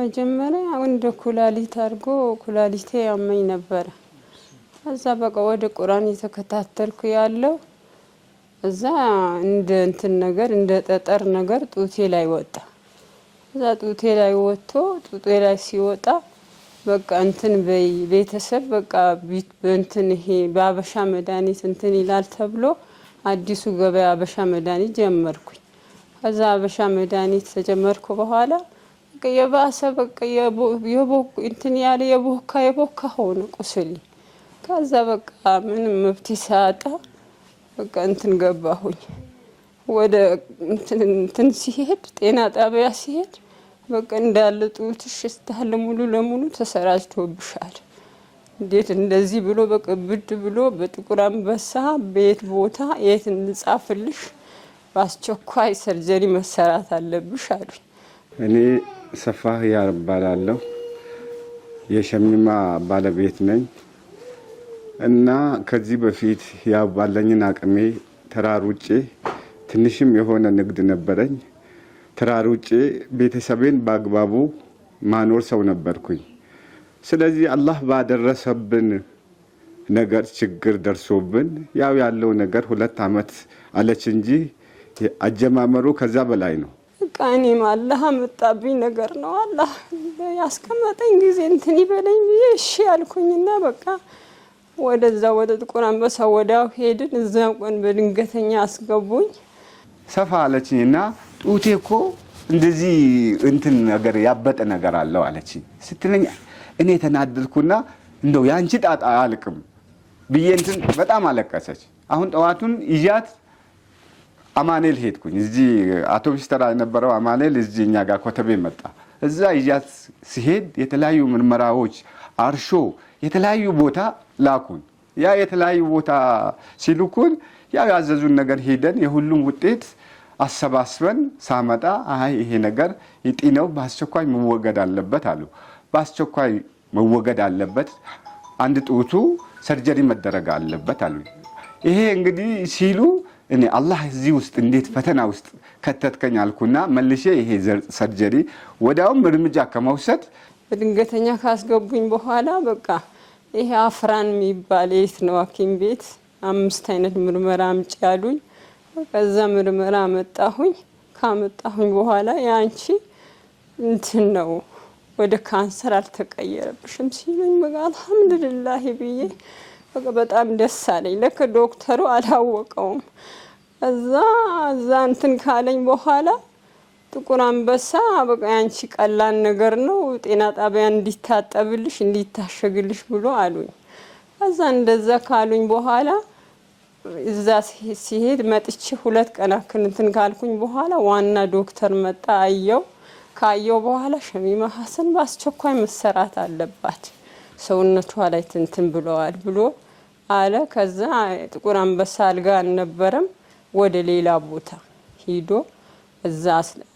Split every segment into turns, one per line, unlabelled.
መጀመሪያ እንደ ኩላሊት አድርጎ ኩላሊቴ ያመኝ ነበረ። እዛ በቃ ወደ ቁርአን እየተከታተልኩ ያለው እዛ እንደ እንትን ነገር እንደ ጠጠር ነገር ጡቴ ላይ ወጣ። እዛ ጡቴ ላይ ወጥቶ ጡቴ ላይ ሲወጣ በቃ እንትን በይ ቤተሰብ በቃ እንትን ይሄ በአበሻ መድኃኒት እንትን ይላል ተብሎ አዲሱ ገበያ አበሻ መድኃኒት ጀመርኩኝ። ከዛ አበሻ መድኃኒት ተጀመርኩ በኋላ የባሰ በቃ እንትን ያለ የቦካ የቦካ ሆነ ቁስል። ከዛ በቃ ምንም መብት ሳጣ በቃ እንትን ገባሁኝ። ወደ እንትን ሲሄድ ጤና ጣቢያ ሲሄድ በቃ እንዳለ ጡትሽ እስታለ ሙሉ ለሙሉ ተሰራጭቶብሻል። እንዴት እንደዚህ ብሎ በቅብድ ብሎ በጥቁር አንበሳ በየት ቦታ የት እንጻፍልሽ፣ በአስቸኳይ ሰርጀሪ መሰራት አለብሽ አሉኝ
እኔ አሰፋ ህያር እባላለሁ። የሸሚማ ባለቤት ነኝ እና ከዚህ በፊት ያው ባለኝን አቅሜ ተራሩጬ ትንሽም የሆነ ንግድ ነበረኝ። ተራሩጬ ቤተሰቤን በአግባቡ ማኖር ሰው ነበርኩኝ። ስለዚህ አላህ ባደረሰብን ነገር ችግር ደርሶብን ያው ያለው ነገር ሁለት ዓመት አለች እንጂ አጀማመሩ ከዛ በላይ ነው።
እኔም አላህ መጣብኝ ነገር ነው። አላህ ያስቀመጠኝ ጊዜ እንትን ይበለኝ ብዬ እሺ ያልኩኝና በቃ ወደዛ ወደ ጥቁር አንበሳ ወዳው ሄድን። እዛ ቆን በድንገተኛ አስገቡኝ።
ሰፋ አለችኝ እና ጡቴ እኮ እንደዚህ እንትን ነገር ያበጠ ነገር አለው አለችኝ ስትለኝ እኔ ተናደድኩና እንደው ያንቺ ጣጣ አልቅም ብዬ እንትን በጣም አለቀሰች። አሁን ጠዋቱን ይዣት አማኔል ሄድኩኝ። እዚህ አቶ ሚኒስተር የነበረው አማኔል እዚህ እኛ ጋር ኮተቤ መጣ። እዛ ይዣት ሲሄድ የተለያዩ ምርመራዎች አርሾ የተለያዩ ቦታ ላኩን። ያ የተለያዩ ቦታ ሲልኩን ያው ያዘዙን ነገር ሄደን የሁሉም ውጤት አሰባስበን ሳመጣ አይ ይሄ ነገር ይጢ ነው፣ በአስቸኳይ መወገድ አለበት አሉ። በአስቸኳይ መወገድ አለበት፣ አንድ ጡቱ ሰርጀሪ መደረግ አለበት አሉ። ይሄ እንግዲህ ሲሉ እኔ አላህ እዚህ ውስጥ እንዴት ፈተና ውስጥ ከተትከኝ አልኩና መልሼ ይሄ ሰርጀሪ ወዲያውም እርምጃ ከመውሰድ
በድንገተኛ ካስገቡኝ በኋላ በቃ ይሄ አፍራን የሚባል የት ነው ሐኪም ቤት አምስት አይነት ምርመራ አምጪ ያሉኝ። ከዛ ምርመራ መጣሁኝ። ካመጣሁኝ በኋላ የአንቺ እንትን ነው ወደ ካንሰር አልተቀየረብሽም ሲሉኝ በቃ አልሐምዱሊላህ ብዬ በጣም ደስ አለኝ። ልክ ዶክተሩ አላወቀውም። እዛ እዛ እንትን ካለኝ በኋላ ጥቁር አንበሳ በቃ ያንቺ ቀላል ነገር ነው፣ ጤና ጣቢያ እንዲታጠብልሽ እንዲታሸግልሽ ብሎ አሉኝ። እዛ እንደዛ ካሉኝ በኋላ እዛ ሲሄድ መጥቼ ሁለት ቀን ያክል እንትን ካልኩኝ በኋላ ዋና ዶክተር መጣ፣ አየው። ካየው በኋላ ሸሚማ ሀሰን በአስቸኳይ መሰራት አለባት ሰውነቷ ላይ ትንትን ብለዋል ብሎ አለ። ከዛ ጥቁር አንበሳ አልጋ አልነበረም። ወደ ሌላ ቦታ ሂዶ እዛ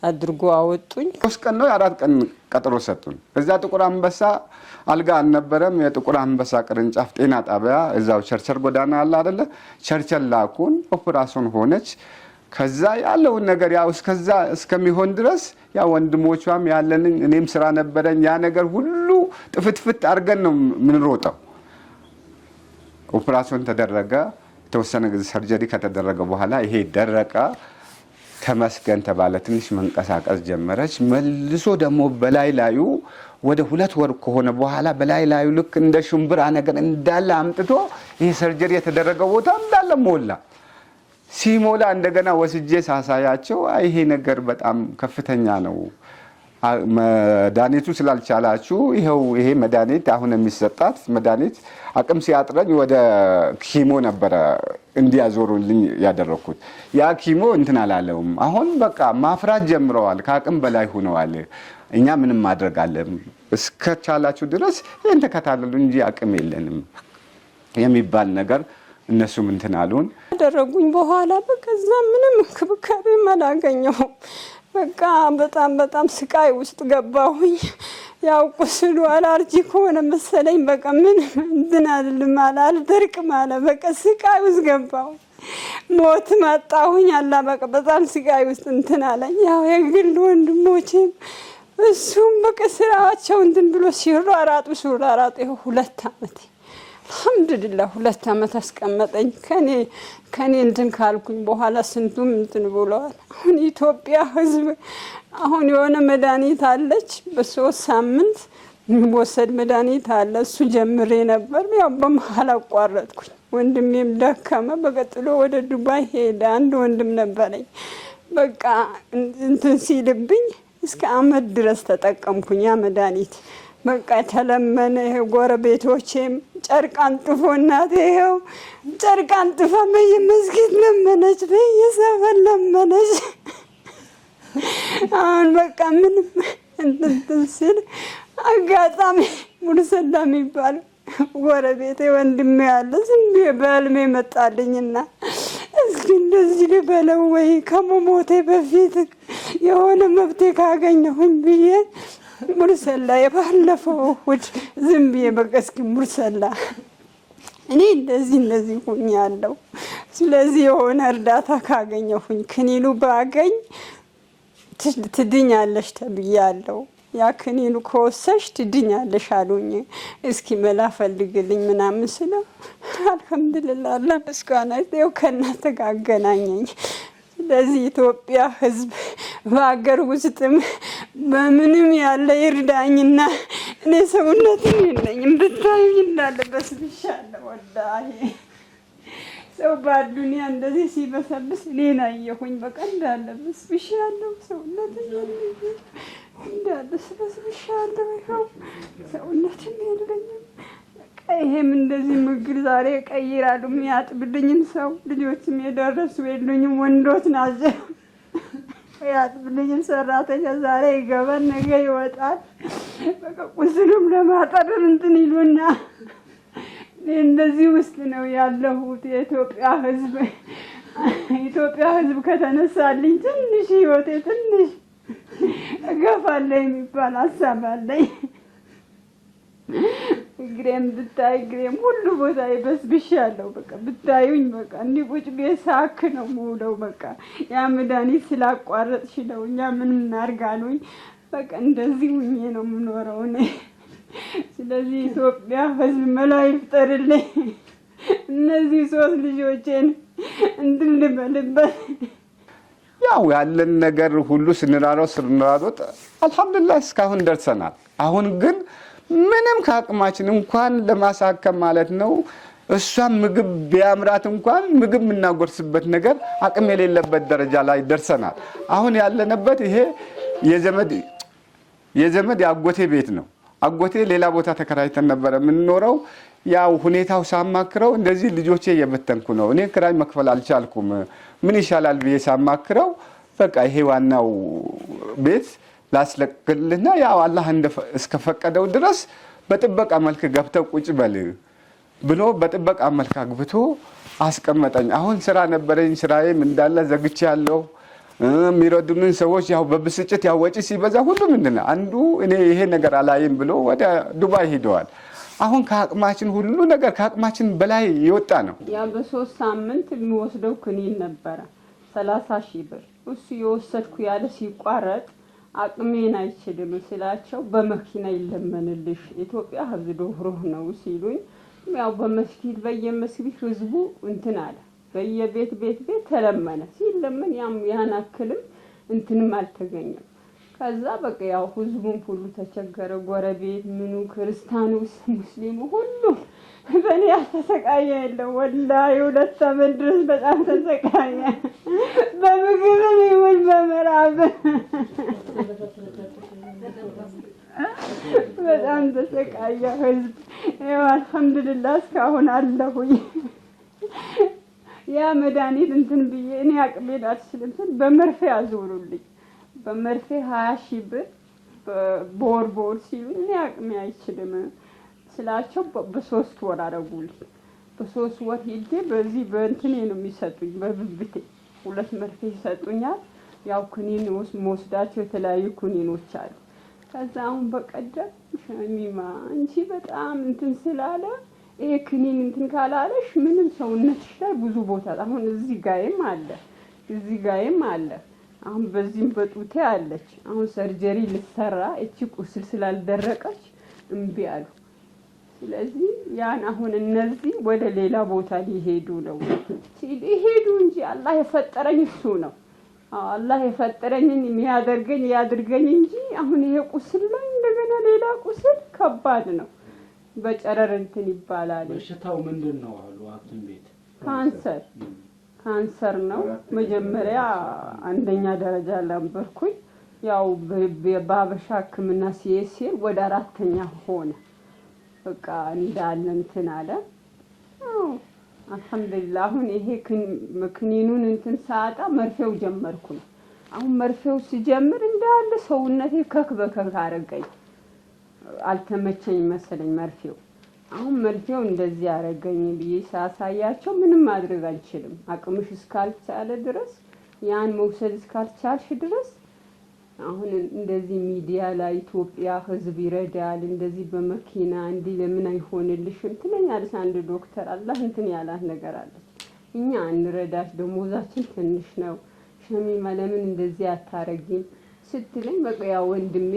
አድርጎ አወጡኝ።
ሶስት ቀን ነው የአራት ቀን ቀጠሮ ሰጡን። እዛ ጥቁር አንበሳ አልጋ አልነበረም። የጥቁር አንበሳ ቅርንጫፍ ጤና ጣቢያ እዛው ቸርቸር ጎዳና አለ አደለ? ቸርቸር ላኩን። ኦፕራሶን ሆነች። ከዛ ያለውን ነገር ያው እስከዛ እስከሚሆን ድረስ ያ ወንድሞቿም ያለንን እኔም ስራ ነበረኝ ያ ነገር ሁሉ ጥፍትፍት አድርገን ነው የምንሮጠው። ኦፕራሲዮን ተደረገ። የተወሰነ ጊዜ ሰርጀሪ ከተደረገ በኋላ ይሄ ደረቀ። ተመስገን ተባለ። ትንሽ መንቀሳቀስ ጀመረች። መልሶ ደግሞ በላይ ላዩ ወደ ሁለት ወር ከሆነ በኋላ በላይ ላዩ ልክ እንደ ሽምብራ ነገር እንዳለ አምጥቶ ይሄ ሰርጀሪ የተደረገ ቦታ እንዳለ ሞላ። ሲሞላ እንደገና ወስጄ ሳሳያቸው ይሄ ነገር በጣም ከፍተኛ ነው መድኃኒቱ ስላልቻላችሁ ይኸው ይሄ መድኃኒት አሁን የሚሰጣት መድኃኒት አቅም ሲያጥረኝ ወደ ኪሞ ነበረ እንዲያዞሩልኝ ያደረግኩት። ያ ኪሞ እንትን አላለውም። አሁን በቃ ማፍራት ጀምረዋል፣ ከአቅም በላይ ሆነዋል። እኛ ምንም ማድረግ አለም እስከቻላችሁ ድረስ ይህን ተከታተሉ እንጂ አቅም የለንም የሚባል ነገር እነሱም እንትን አሉን።
ያደረጉኝ በኋላ በከዛ ምንም እንክብካቤም አላገኘሁም። በቃ በጣም በጣም ስቃይ ውስጥ ገባሁኝ። ያው ቁስሉ አላርጂ ከሆነ መሰለኝ በቃ ምን እንትን አልልም አለ አልደርቅም አለ በቃ ስቃይ ውስጥ ገባሁ። ሞት መጣሁኝ አላ በቃ በጣም ስቃይ ውስጥ እንትን አለኝ። ያው የግል ወንድሞቼም እሱም በቃ ስራቸው እንትን ብሎ ሲሯራጡ ሲሯራጡ ይኸው ሁለት አመት አልሐምዱሊላህ ሁለት ዓመት አስቀመጠኝ። ከኔ ከኔ እንትን ካልኩኝ በኋላ ስንቱም እንትን ብለዋል። አሁን ኢትዮጵያ ህዝብ አሁን የሆነ መድኃኒት አለች በሶስት ሳምንት የሚወሰድ መድኃኒት አለ። እሱ ጀምሬ ነበር፣ ያው በመሀል አቋረጥኩኝ። ወንድሜም ደከመ። በቀጥሎ ወደ ዱባይ ሄደ። አንድ ወንድም ነበረኝ። በቃ እንትን ሲልብኝ እስከ አመት ድረስ ተጠቀምኩኝ ያ መድኃኒት በቃ ተለመነ። ይሄው ጎረቤቶቼም ጨርቅ አንጥፎ እናቴ ይኸው ጨርቅ አንጥፋ በየመስጊድ ለመነች፣ በየሰፈር ለመነች። አሁን በቃ ምንም እንትን ሲል አጋጣሚ ሙሉሰላ የሚባለው ጎረቤቴ ወንድሜ ያለ ዝም በህልሜ መጣልኝና እስኪ እንደዚህ ልበለው ወይ ከመሞቴ በፊት የሆነ መብቴ ካገኘሁኝ ብዬ ሙርሰላ የባለፈው እሑድ ዝም ብዬ በቃ እስኪ ሙርሰላ እኔ እንደዚህ እንደዚህ ሁኝ ያለው ስለዚህ የሆነ እርዳታ ካገኘሁኝ ክኒሉ ባገኝ ትድኛለሽ ተብያለሁ። ያ ክኒሉ ከወሰሽ ትድኛለሽ አሉኝ። እስኪ መላ ፈልግልኝ ምናምን ስለው አልሐምዱልላ አላ ምስጋና ይኸው ከእናንተ ጋር አገናኘኝ። ለዚህ ኢትዮጵያ ሕዝብ በሀገር ውስጥም በምንም ያለ ይርዳኝና እኔ ሰውነትን የለኝም ብታይ እንዳለበት ብሻለ ወዳ ሰው በአዱኒያ እንደዚህ ሲበሰብስ እኔን አየሁኝ። በቃ እንዳለበት ብሻለሁ። ሰውነትን የለኝም እንዳለበስ ብሻለሁ። ሰውነትም የለኝም ይሄም እንደዚህ ምግብ ዛሬ ቀይራሉ። የሚያጥብልኝም ሰው ልጆችም የደረሱ የሉኝም። ወንዶች ናቸው። ያጥብልኝም ሰራተኛ ዛሬ ይገባል፣ ነገ ይወጣል። በቃ ቁስሉም ለማጠርም እንትን ይሉና እንደዚህ ውስጥ ነው ያለሁት። የኢትዮጵያ ሕዝብ ኢትዮጵያ ሕዝብ ከተነሳልኝ ትንሽ ህይወቴ ትንሽ እገፋለሁ የሚባል አሳብ አለኝ። ግሬም ብታይ እግሬም ሁሉ ቦታ ያለው በቃ ብታዩኝ በቃ እንዲህ ቁጭ ቤት ሳክ ነው የምውለው። በቃ ያ መድኃኒት ስላቋረጥሽ ነው እኛ ምን እናርጋሉኝ። በቃ እንደዚህ ሁኜ ነው የምኖረው እኔ። ስለዚህ ኢትዮጵያ ህዝብ መላ ይፍጠርልኝ። እነዚህ ሶስት ልጆቼን እንድንበልበት
ያው ያለን ነገር ሁሉ ስንራረው ስንራሮጥ አልሐምዱሊላህ እስካሁን ደርሰናል። አሁን ግን ምንም ከአቅማችን እንኳን ለማሳከም ማለት ነው። እሷን ምግብ ቢያምራት እንኳን ምግብ የምናጎርስበት ነገር አቅም የሌለበት ደረጃ ላይ ደርሰናል። አሁን ያለንበት ይሄ የዘመድ የዘመድ የአጎቴ ቤት ነው። አጎቴ ሌላ ቦታ ተከራይተን ነበረ የምንኖረው። ያው ሁኔታው ሳማክረው እንደዚህ ልጆቼ እየበተንኩ ነው፣ እኔ ክራይ መክፈል አልቻልኩም፣ ምን ይሻላል ብዬ ሳማክረው በቃ ይሄ ዋናው ቤት ላስለቅልና ያው አላህ እስከፈቀደው ድረስ በጥበቃ መልክ ገብተው ቁጭ በል ብሎ በጥበቃ መልክ አግብቶ አስቀመጠኝ። አሁን ስራ ነበረኝ፣ ስራዬም እንዳለ ዘግቼ ያለው የሚረዱንን ሰዎች ያው በብስጭት ያው ወጪ ሲበዛ ሁሉ ምንድን ነው አንዱ እኔ ይሄ ነገር አላይም ብሎ ወደ ዱባይ ሄደዋል። አሁን ከአቅማችን ሁሉ ነገር ከአቅማችን በላይ የወጣ ነው።
ያ በሶስት ሳምንት የሚወስደው ክኒን ነበረ ሰላሳ ሺህ ብር እሱ የወሰድኩ ያለ ሲቋረጥ አቅሜን አይችልም ስላቸው በመኪና ይለመንልሽ ኢትዮጵያ ህዝብ ዶህሮህ ነው ሲሉኝ፣ ያው በመስጊድ በየመስጊድ ህዝቡ እንትን አለ በየቤት ቤት ቤት ተለመነ። ሲለመን ያም ያን አክልም እንትንም አልተገኘም። ከዛ በቃ ያው ህዝቡም ሁሉ ተቸገረ። ጎረቤት ምኑ፣ ክርስቲያኑ፣ ሙስሊሙ ሁሉም በእኔ ያልተሰቃየ የለም። ወላሂ ሁለት ዓመት ድረስ በጣም ተሰቃየ፣ በምግብም ይሁን በመራብ በጣም ተሰቃየ ህዝብ። ይኸው አልሐምዱሊላህ እስካሁን አለሁኝ። ያ መድኃኒት እንትን ብዬ እኔ አቅሜን አልችልም ስል በመርፌ ያዞሩልኝ በመርፌ ሀያ ሺ ብር በወር በወር ሲሉኝ እኔ አቅሜ አይችልም ስላቸው በሶስት ወር አደረጉልኝ። በሶስት ወር ሄጄ በዚህ በእንትኔ ነው የሚሰጡኝ፣ በብብቴ ሁለት መርፌ ይሰጡኛል። ያው ክኒን መወስዳቸው የተለያዩ ክኒኖች አሉ። ከዛ አሁን በቀደም ሸሚማ አንቺ በጣም እንትን ስላለ ይሄ ክኒን እንትን ካላለሽ ምንም ሰውነትሽ ላይ ብዙ ቦታ አሁን እዚህ ጋይም አለ እዚህ ጋይም አለ አሁን በዚህም በጡቴ አለች። አሁን ሰርጀሪ ልትሰራ እቺ ቁስል ስላልደረቀች እምቢ አሉ። ስለዚህ ያን አሁን እነዚህ ወደ ሌላ ቦታ ሊሄዱ ነው ሊሄዱ እንጂ አላህ የፈጠረኝ እሱ ነው። አላህ የፈጠረኝን የሚያደርገኝ ያድርገኝ እንጂ አሁን ይሄ ቁስል ላይ እንደገና ሌላ ቁስል ከባድ ነው። በጨረር እንትን ይባላል።
በሽታው ምንድን ነው አሉ ሐኪም ቤት
ካንሰር ካንሰር ነው። መጀመሪያ አንደኛ ደረጃ ነበርኩኝ። ያው በሀበሻ ሕክምና ሲሄድ ወደ አራተኛ ሆነ። በቃ እንዳለ እንትን አለ። አልሐምዱሊላ አሁን ይሄ ክኒኑን እንትን ሳጣ መርፌው ጀመርኩ ነው። አሁን መርፌው ሲጀምር እንዳለ ሰውነቴ ከክ በከክ አረገኝ። አልተመቸኝ መሰለኝ መርፌው አሁን መርፌው እንደዚህ ያደረገኝ ብዬ ሳሳያቸው ምንም ማድረግ አልችልም። አቅምሽ እስካልቻለ ድረስ ያን መውሰድ እስካልቻልሽ ድረስ አሁን እንደዚህ ሚዲያ ላይ ኢትዮጵያ ሕዝብ ይረዳል እንደዚህ በመኪና እንዲህ ለምን አይሆንልሽም ትለኛለች አንድ ዶክተር አላህ እንትን ያላት ነገር አለች። እኛ አንረዳሽ፣ ደሞዛችን ትንሽ ነው፣ ሸሚማ ለምን እንደዚህ አታረጊም ስትለኝ በቃ ያ ወንድሜ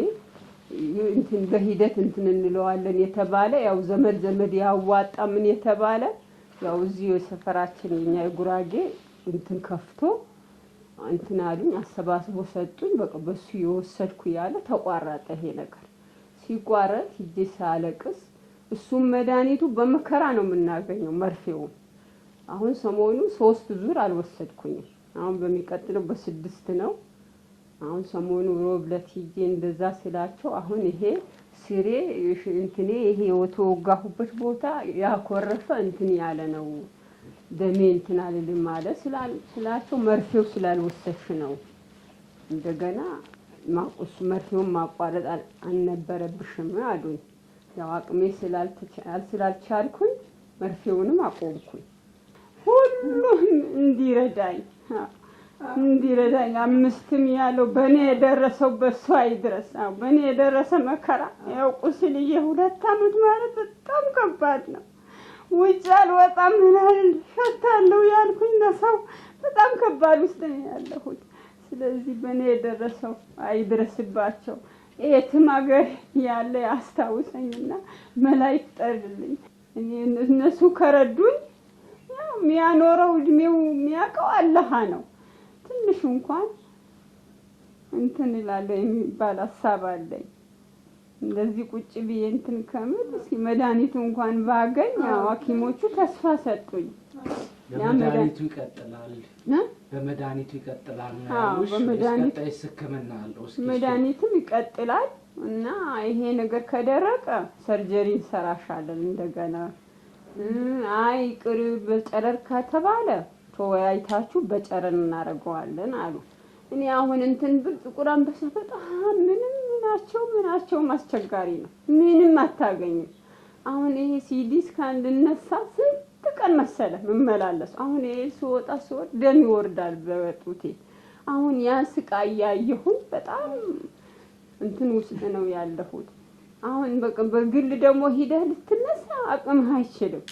እንትን በሂደት እንትን እንለዋለን የተባለ ያው ዘመድ ዘመድ ያዋጣ ምን የተባለ ያው እዚህ የሰፈራችን የኛ የጉራጌ እንትን ከፍቶ እንትን አሉኝ አሰባስቦ ሰጡኝ። በቃ በሱ የወሰድኩ ያለ ተቋረጠ። ይሄ ነገር ሲቋረጥ ሂጄ ሳለቅስ እሱም መድኃኒቱ በመከራ ነው የምናገኘው መርፌውም። አሁን ሰሞኑ ሶስት ዙር አልወሰድኩኝም። አሁን በሚቀጥለው በስድስት ነው አሁን ሰሞኑ ሮብ ዕለት እንደዛ ስላቸው አሁን ይሄ ስሬ እንትኔ ይሄ የተወጋሁበት ቦታ ያኮረፈ እንትን ያለ ነው ደሜ እንትን አልልም ማለ ስላቸው መርፌው ስላልወሰሽ ነው እንደገና ማቁስ መርፌውን ማቋረጥ አልነበረብሽም አሉኝ። ያው አቅሜ ስላልቻልኩኝ መርፌውንም አቆምኩኝ ሁሉም እንዲረዳኝ እንዲረዳኝ አምስትም ያለው በእኔ የደረሰው በእሱ አይድረስ። አዎ በእኔ የደረሰ መከራ ያው ቁስል ሁለት አመት ማለት በጣም ከባድ ነው። ውጭ አልወጣም ምናምን ፈታለሁ ያልኩኝ ለሰው በጣም ከባድ ውስጥ ነው ያለሁት። ስለዚህ በእኔ የደረሰው አይድረስባቸው። የትም ሀገር ያለ አስታውሰኝና መላይት ጠርልኝ። እኔ እነሱ ከረዱኝ ያው የሚያኖረው እድሜው የሚያውቀው አላህ ነው። ትንሽ እንኳን እንትን እላለሁ የሚባል ሀሳብ አለኝ። እንደዚህ ቁጭ ብዬ እንትን ከምል እስኪ መድኃኒቱ እንኳን ባገኝ፣ ሐኪሞቹ ተስፋ ሰጡኝ።
በመድኃኒቱ ይቀጥላል፣ በመድኃኒቱ ይቀጥላል፣
መድኃኒቱም ይቀጥላል እና ይሄ ነገር ከደረቀ ሰርጀሪ እንሰራሻለን እንደገና። አይ ቅሪ በጨረር ከተባለ ተወያይታችሁ በጨረን እናደርገዋለን አሉ። እኔ አሁን እንትን ብል ጥቁር አንበሳ በጣም ምንም ምናቸው ምናቸውም አስቸጋሪ ነው። ምንም አታገኝም። አሁን ይሄ ሲዲ እስካን ልነሳ ስንት ቀን መሰለ ምመላለሱ። አሁን ይሄ ስወጣ ስወር ደም ይወርዳል በጡቴ። አሁን ያ ስቃይ ያየሁኝ በጣም እንትን ውስጥ ነው ያለሁት። አሁን በግል ደግሞ ሂደህ ልትነሳ አቅምህ አይችልም።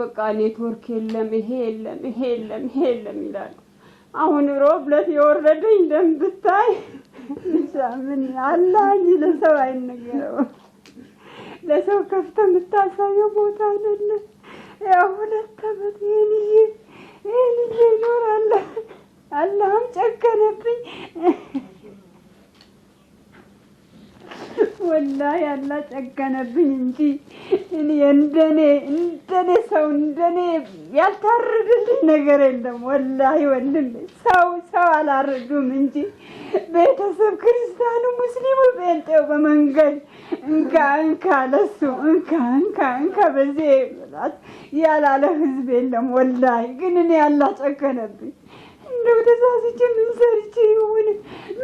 በቃ ኔትወርክ የለም፣ ይሄ የለም፣ ይሄ የለም፣ ይሄ የለም ይላሉ። አሁን ሮብ ዕለት የወረደኝ ደም ብታይ ምን አላኝ ለሰው አይነገረው። ለሰው ከፍተ የምታሳየው ቦታ አይደለ። ያው ሁለት ዓመት ይህን ይሄ ይህን ይኖራለ። አላህም ጨከነብኝ። ወላሂ አላህ ጨገነብኝ እንጂ እኔ እንደኔ እንደኔ ሰው እንደኔ ያልታረድልኝ ነገር የለም። ወላሂ ወልልኝ ሰው ሰው አላረዱም እንጂ ቤተሰብ ክርስቲያኑ፣ ሙስሊሙ፣ ጴንጤው በመንገድ እንካ እንካ ለሱ እንካ እንካ እንካ በዚህ ያላለ ህዝብ የለም። ወላሂ ግን እኔ አላህ ጨገነብኝ። እንደው ተሳስቼ ምን ሰርቼ ይሆን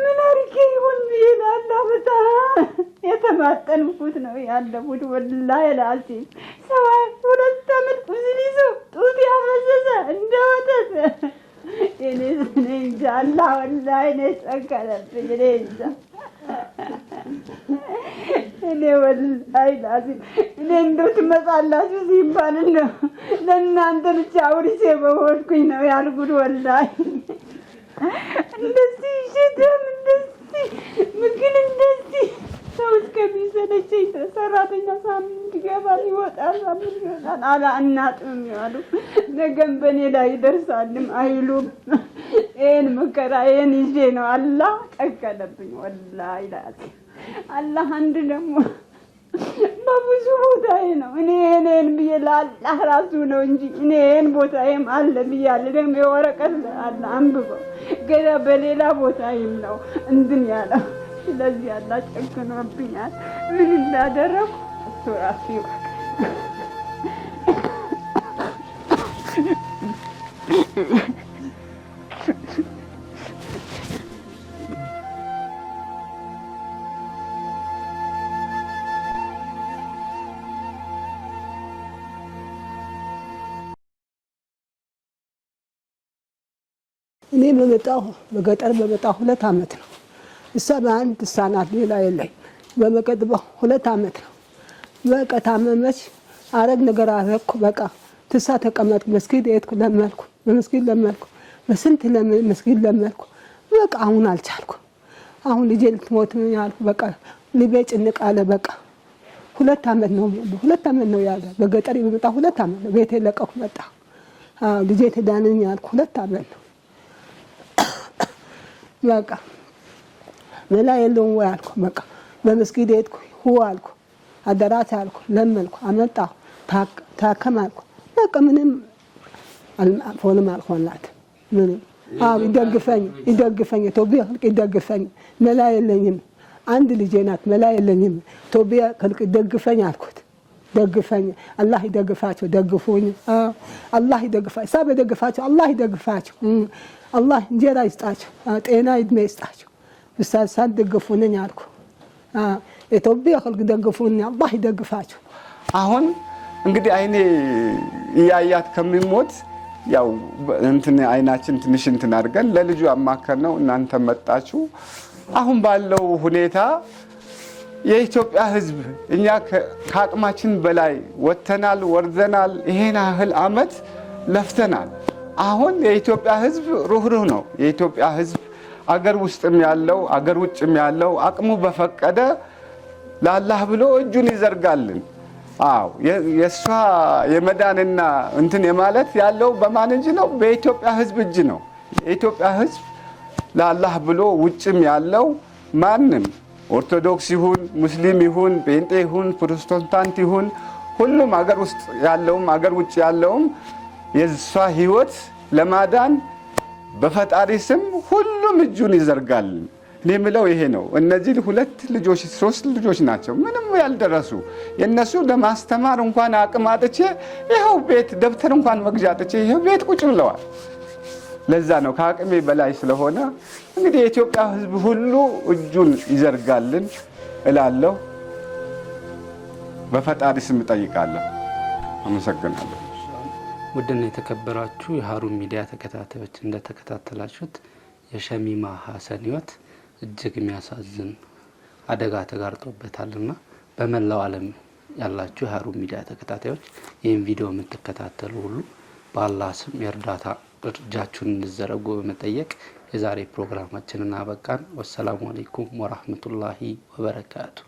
ምን አርጌ ይሆን ብዬ ለአላህ በጣም የተማጠንኩት ነው ያለሁት። ወላ ላልሲም ሰባት ሁለት ዓመት ቁስል ይዞ ጡት ያፈሰሰ እንደ ወተት እኔ እንጃ አላህ ወላሂ እኔ ጨከነብኝ እኔ እንጃ እኔ ወላሂ ላዚም እኔ እንደው ትመጣላችሁ ሲባል ነው ለእናንተ ልጅ አውርቼ በሆድኩኝ ነው ያልኩት። ወላሂ እንደዚህ ሽደም እንደዚህ ምግን እንደዚህ ሰው እስከሚሰለቸኝ ሰራተኛ ሳምንት ይገባል ይወጣል፣ ሳምንት ይወጣል። አላ እናጥምም ያሉ ነገም በእኔ ላይ ይደርሳልም አይሉም። ይህን መከራ ይህን ይዤ ነው አላህ ጠቀለብኝ። ወላ ይላል አላህ አንድ ደግሞ በብዙ ቦታዬ ነው እኔ እኔን ብዬ ለአላህ ራሱ ነው እንጂ እኔ እኔን ቦታዬም አለ ብያለ ደግሞ የወረቀት አለ አንብበው ገና በሌላ ቦታዬም ነው እንትን ያለው ስለዚህ አላ ጨክኖብኛል። ምን እንዳደረጉ እሱ ራሱ ይዋል። እኔ በመጣሁ በገጠር በመጣሁ ሁለት ዓመት ነው ሰባ አንድ ህጻናት ሌላ የለኝ። በመቀጥበ ሁለት አመት ነው በቃ ታመመች። አረግ ነገር አረግኩ በቃ ትሳ ተቀመጥኩ። መስጊድ የትኩ ለመልኩ በመስጊድ ለመልኩ በስንት መስጊድ ለመልኩ። በቃ አሁን አልቻልኩ። አሁን ልጄ ልትሞት ያልኩ። በቃ ልቤ ጭንቅ አለ። በቃ ሁለት አመት ነው ሁለት አመት ነው ያለ በገጠር በመጣ ሁለት አመት ነው ቤቴ ለቀኩ መጣ። ልጄ ትዳነኝ ያልኩ ሁለት አመት ነው በቃ ሌላ የለውም ወይ አልኩ። በቃ በመስጊድ ሄድኩ፣ ሁ አልኩ፣ አደራት አልኩ፣ ለመልኩ፣ አመጣሁ፣ ታከም አልኩ። በቃ ምንም ፎልም አልሆንላት ምንም። አዎ ይደግፈኝ፣ ይደግፈኝ፣ ቶቢያ ክልቅ ይደግፈኝ፣ መላ የለኝም፣ አንድ ልጄ ናት፣ መላ የለኝም፣ ቶቢያ ክልቅ ይደግፈኝ አልኩት። ደግፈኝ አላህ ይደግፋቸው፣ ደግፉኝ አላህ ይደግፋቸው፣ ሳብ ይደግፋቸው፣ አላህ ይደግፋቸው፣ አላህ እንጀራ ይስጣቸው፣ ጤና ይድሜ ይስጣቸው። እሳሳት ደግፉንኝ አልኩ። ኢትዮጵያ ህልግ ደግፉን፣ አላህ ይደግፋችሁ።
አሁን እንግዲህ አይኔ እያያት ከሚሞት ያው እንትን አይናችን ትንሽ እንትን አድርገን ለልጁ ያማከር ነው። እናንተ መጣችሁ። አሁን ባለው ሁኔታ የኢትዮጵያ ህዝብ እኛ ከአቅማችን በላይ ወጥተናል፣ ወርደናል። ይሄን ያህል አመት ለፍተናል። አሁን የኢትዮጵያ ህዝብ ሩህሩህ ነው። የኢትዮጵያ ህዝብ አገር ውስጥም ያለው አገር ውጭም ያለው አቅሙ በፈቀደ ለአላህ ብሎ እጁን ይዘርጋልን። አዎ የእሷ የመዳንና እንትን የማለት ያለው በማን እጅ ነው? በኢትዮጵያ ሕዝብ እጅ ነው። የኢትዮጵያ ሕዝብ ለአላህ ብሎ ውጭም ያለው ማንም ኦርቶዶክስ ይሁን ሙስሊም ይሁን ጴንጤ ይሁን ፕሮቴስታንት ይሁን ሁሉም አገር ውስጥ ያለውም አገር ውጭ ያለውም የእሷ ሕይወት ለማዳን በፈጣሪ ስም ሁሉም እጁን ይዘርጋል። እኔ ምለው ይሄ ነው። እነዚህ ሁለት ልጆች ሶስት ልጆች ናቸው ምንም ያልደረሱ የእነሱ ለማስተማር እንኳን አቅም አጥቼ ይኸው ቤት ደብተር እንኳን መግዣ አጥቼ ይኸው ቤት ቁጭ ብለዋል። ለዛ ነው ከአቅሜ በላይ ስለሆነ እንግዲህ የኢትዮጵያ ሕዝብ ሁሉ እጁን ይዘርጋልን እላለሁ። በፈጣሪ ስም እጠይቃለሁ። አመሰግናለሁ።
ውድና የተከበራችሁ የሀሩን ሚዲያ ተከታታዮች እንደተከታተላችሁት የሸሚማ ሀሰን ህይወት እጅግ የሚያሳዝን አደጋ ተጋርጦበታልና በመላው ዓለም ያላችሁ የሀሩን ሚዲያ ተከታታዮች ይህን ቪዲዮ የምትከታተሉ ሁሉ በአላ ስም የእርዳታ እጃችሁን እንዘረጉ በመጠየቅ የዛሬ ፕሮግራማችንን አበቃን። ወሰላሙ አሌይኩም ወራህመቱላሂ ወበረካቱ።